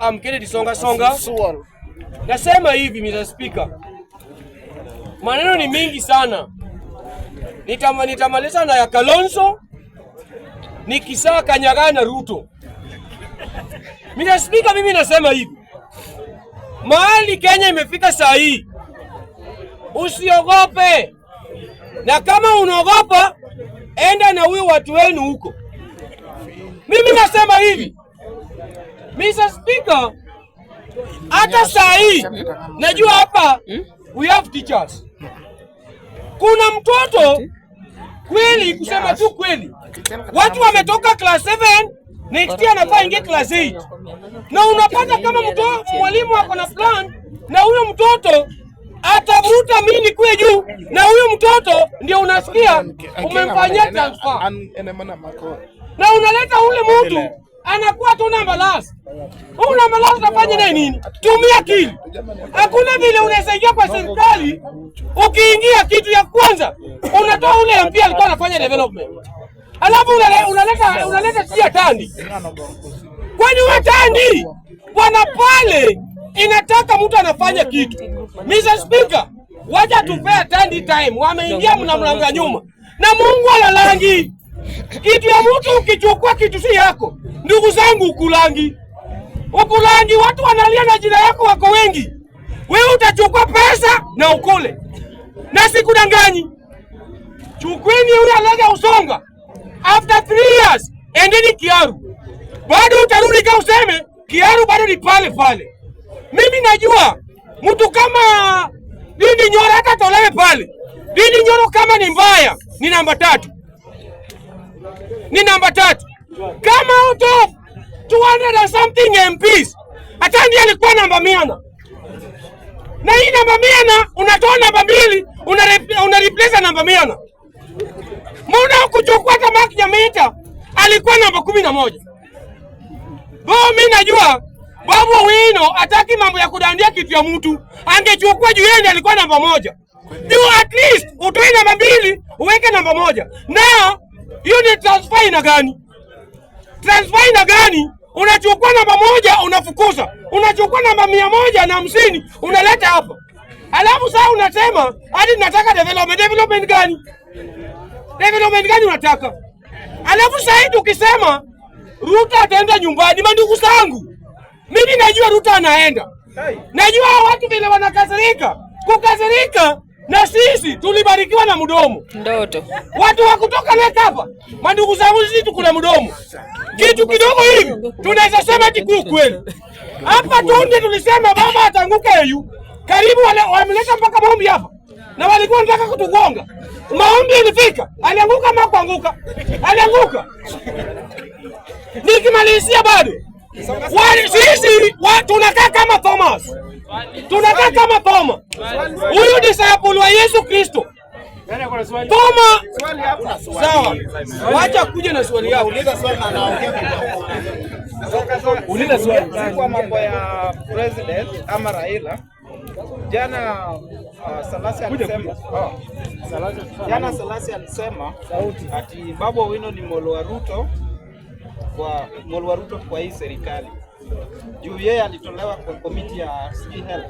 Am Kennedy Songa Songa. Nasema hivi Mr. Speaker. Maneno ni mingi sana. Nitama, nitamaliza na ya Kalonzo nikisaa Kanyagana Ruto. Mr. Speaker, mimi nasema hivi. Mahali Kenya imefika saa hii. Usiogope. Na kama unaogopa, enda na huyu watu wenu huko. Mimi nasema hivi. Mr. Speaker, hata saa hii najua hapa hmm? we have teachers. Kuna mtoto kweli, kusema tu kweli, watu wametoka class 7 next year anafaa ingie class 8 na unapata kama mtoto mwalimu ako na plan na huyo mtoto atavuta mini nikuwe juu na huyu mtoto ndio unasikia umemfanyia transfer na unaleta ule mtu anakuwa tuna Huu Una malasi unafanya naye nini? Tumia akili. Hakuna vile unaweza ingia kwa serikali, ukiingia kitu ya kwanza unatoa ule MP alikuwa anafanya development, alafu unaleta unaleta tia tandi. Kwani wewe tandi bwana pale inataka mtu anafanya kitu. Mr. Speaker, waja tupea tandi time, wameingia mnamlanga nyuma na Mungu alalangi kitu ya mtu ukichukua kitu si yako, ndugu zangu, ukulangi ukulangi, watu wanalia na jina yako, wako wengi. Wewe utachukua pesa na ukule, na sikudanganyi. Chukweni huyo alega Usonga, after three years endeni Kiaru, bado utarudi ka useme Kiaru bado ni pale pale. Mimi najua mtu kama Didi Nyoro hata tolewe pale. Didi Nyoro kama ni mbaya ni namba tatu ni namba tatu. Kama out of 200 and something MPs hata ndiye alikuwa namba mia na na hii namba mia na unatoa namba mbili una replace namba mia na muna kuchukua hata Mark Nyamita alikuwa namba kumi na moja. Bo, mimi najua Babu Wino ataki mambo ya kudandia kitu ya mtu, angechukua juu yeye alikuwa namba moja juu, at least utoe namba mbili uweke namba moja Now, hiyo ni transfer ina gani? Transfer ina gani? Unachukua namba moja unafukuza, unachukua namba mia moja na hamsini unaleta hapa, alafu saa unasema hadi nataka development. Development gani? Development gani unataka? Alafu saidi ukisema ruta ataenda nyumbani, mandugu zangu, mimi najua ruta anaenda, najua watu vile wanakasirika, kukasirika na sisi tulibarikiwa na mdomo ndoto. Watu wa kutoka leka hapa, mandugu zangu, sisi na mdomo kitu kidogo hivi, tunaweza sema kikuu kweli. Hapa tunde tulisema baba atanguka yeyu, karibu wale wameleta mpaka maombi hapa, na walikuwa wanataka kutugonga. Maombi ilifika, alianguka, makuanguka, alianguka. Nikimalizia bado Wali sisi tunakaa kama Thomas, tunakaa kama Thoma, huyu disciple wa Yesu Kristo. Toma sawa, wacha kuja na swali yako. Uliza swali na naongea. Uliza swali kwa mambo ya president ama Raila. Jana uh, Salasi alisema oh, jana Salasi alisema sauti ati Babu Owino ni molo wa Ruto kwa Molwa Ruto kwa hii serikali juu yeye alitolewa kwa komiti ya health,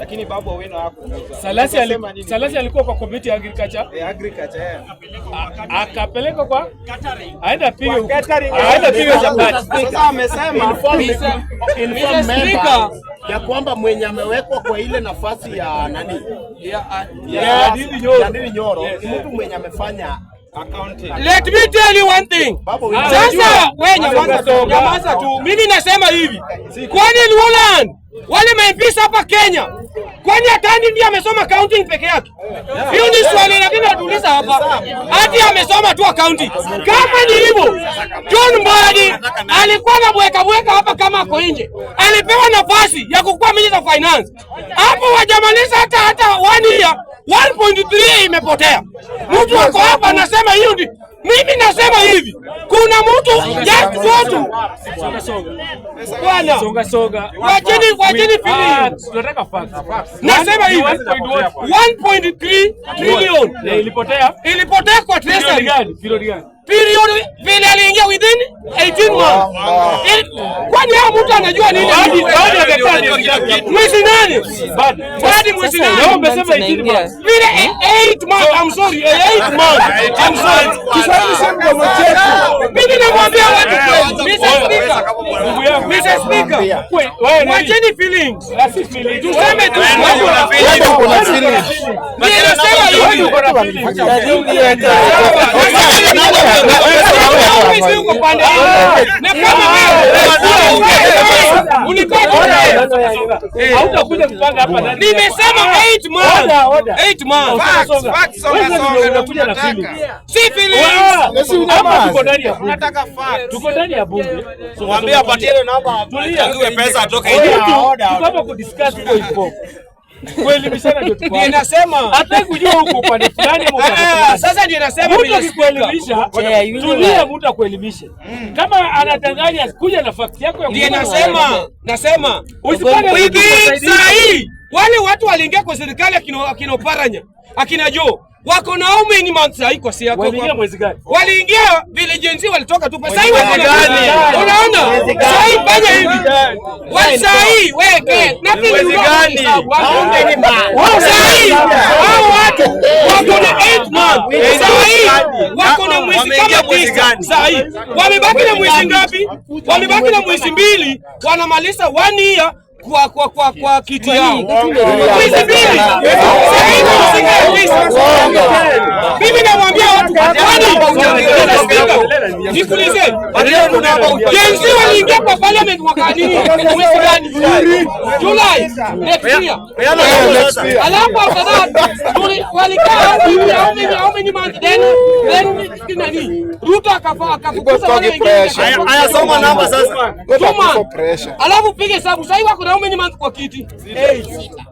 lakini Babu Owino hakuuza. Salasi Salasi alikuwa kwa komiti ya agriculture eh, agriculture yeah. Akapelekwa kwa catering, aenda pige aenda pige chapati. Sasa amesema inform member ya kwamba mwenye amewekwa kwa ile nafasi ya nani ya Ndindi Nyoro, mtu mwenye amefanya Let me tell you one thing. Sasa wewe nyamaza tu. Mimi nasema hivi, kwani Luland wale maafisa hapa Kenya, kwani atani ndiye amesoma accounting peke yake? Hiyo ni swali lakini natuuliza hapa, hadi amesoma tu accounting. Kama ni hivyo, John Mbadi alikuwa na bweka bweka hapa kama ako nje, alipewa nafasi ya kukua minister of finance hapo, wajamaliza hata hata one year 1.3 imepotea. Mtu wako hapa anasema hiyo ndi. Mimi nasema hivi, kuna mtu just watu bwana, songa songa, wacheni wacheni ah, fili, tunataka facts. Nasema hivi 1.3 trillion ilipotea, ilipotea kwa gani? trace gani? period vile aliingia within 18 months. Kwani hao mtu anajua nini? Hadi hadi Mwezi nani? Hadi mwezi nani? Leo umesema 18 months. Vile 8 months. I'm sorry. 8 months. I'm sorry. Kiswahili sema kwa mchezo. Mimi namwambia watu kweli. Mr. Speaker. Mr. Speaker. Wewe wacheni feelings. Tuseme tu watu kuna feelings. Mimi nasema hivi hautakuja Nimesema 8 months. tuko ndani ya bunge. Tuambie apatie ile namba. Tulie pesa atoke hiyo. Tuko hapa kudiscuss hiyo hiyo kuelimishana ndio tuko hapa. Ninasema hata kujua huko ah, fulani Sasa ndio nasema mimi Tulia mtu akuelimishe. Mm. Kama anadanganya kuja na fact yako ya nasema usipande wiki sahihi. Wale watu waliingia kwa serikali akina akina Paranya, akina Joe wako na how many months haiko si yako waliingia mwezi gani? Waliingia vilijenzi walitoka tu pesa hiyo mwezi gani? Unaona sahii, fanya hivi wali sahii weke na mwezi gani? Sahii hao watu wako na 8 months sahii, wako na mwezi kama tisa sahii, wamebaki na mwezi ngapi? Wamebaki na mwezi mbili, wanamaliza 1 year kwa kwa kwa kwa kiti yao. Mimi namwambia watu nikulizeni, Gen Z waliingia kwa parliament mwaka nini? Mwezi gani? July next year. Alafu after that walikaa how many months then then nani Ruto akafa akafukuza wale wengine. soma namba sasa. Alafu pige hesabu sasa hivi wako wanaume nyuma kwa kiti sita.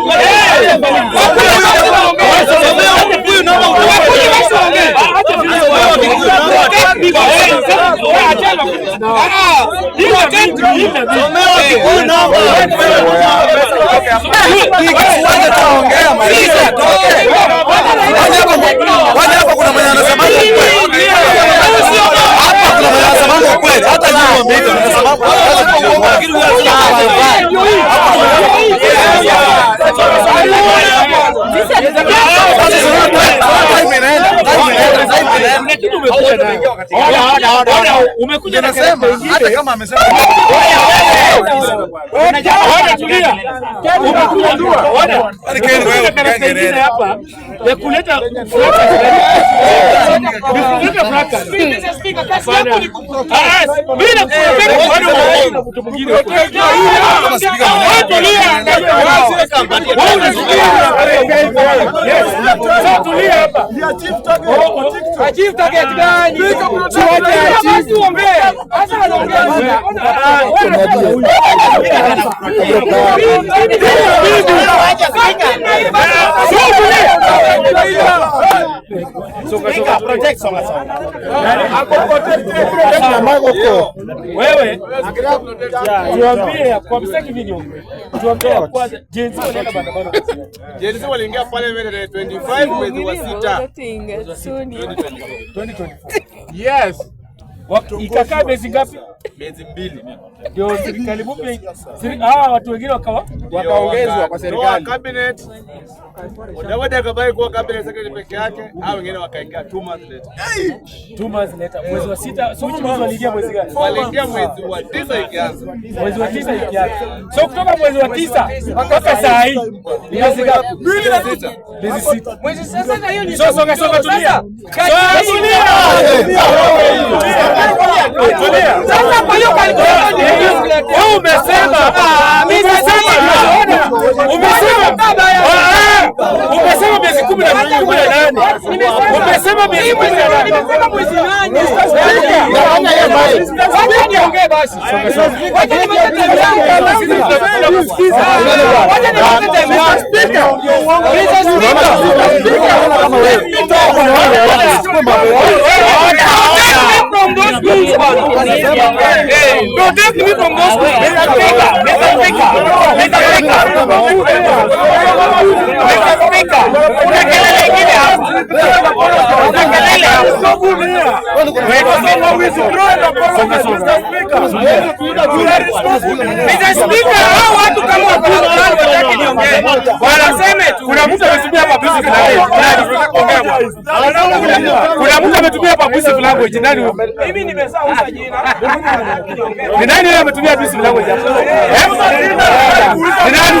Hata nyinyi wameita kwa sababu kuna kitu umekuja na sema hata kama amesema hapa ya kuleta target gani? Tuache achizi ombea. Sasa wanaongea baba project songa songa wewe, tuambie kwa msaki video, tuambie kwa jinsi walienda barabara, jinsi waliingia pale mbele 25 mwezi wa 6 2024, yes, ikakaa bezi ngapi? miezi mbili ndio serikali mpya, ah, hawa watu wengine wakawa wakaongezwa kwa serikali cabinet. Mmoja akabaki kuwa cabinet secretary peke yake, hao wengine wakaingia two months later, two months later, mwezi wa sita. So waliingia mwezi gani? Waliingia mwezi wa tisa, ikianza mwezi wa tisa ikianza. So kutoka mwezi wa tisa mpaka saa hii miezi sita. Mwezi sita. Mwezi sasa, na hiyo ni so soka soka, tulia, tulia umesema miezi kumi na nane umesema miezi kumi na nane Spika Wanaseme kuna mtu amesubia mabuzi kuna mtu ametumia hapa abusive language. Nani Mimi nimesahau jina. Ni nani yeye ametumia abusive language hapo? Ni nani?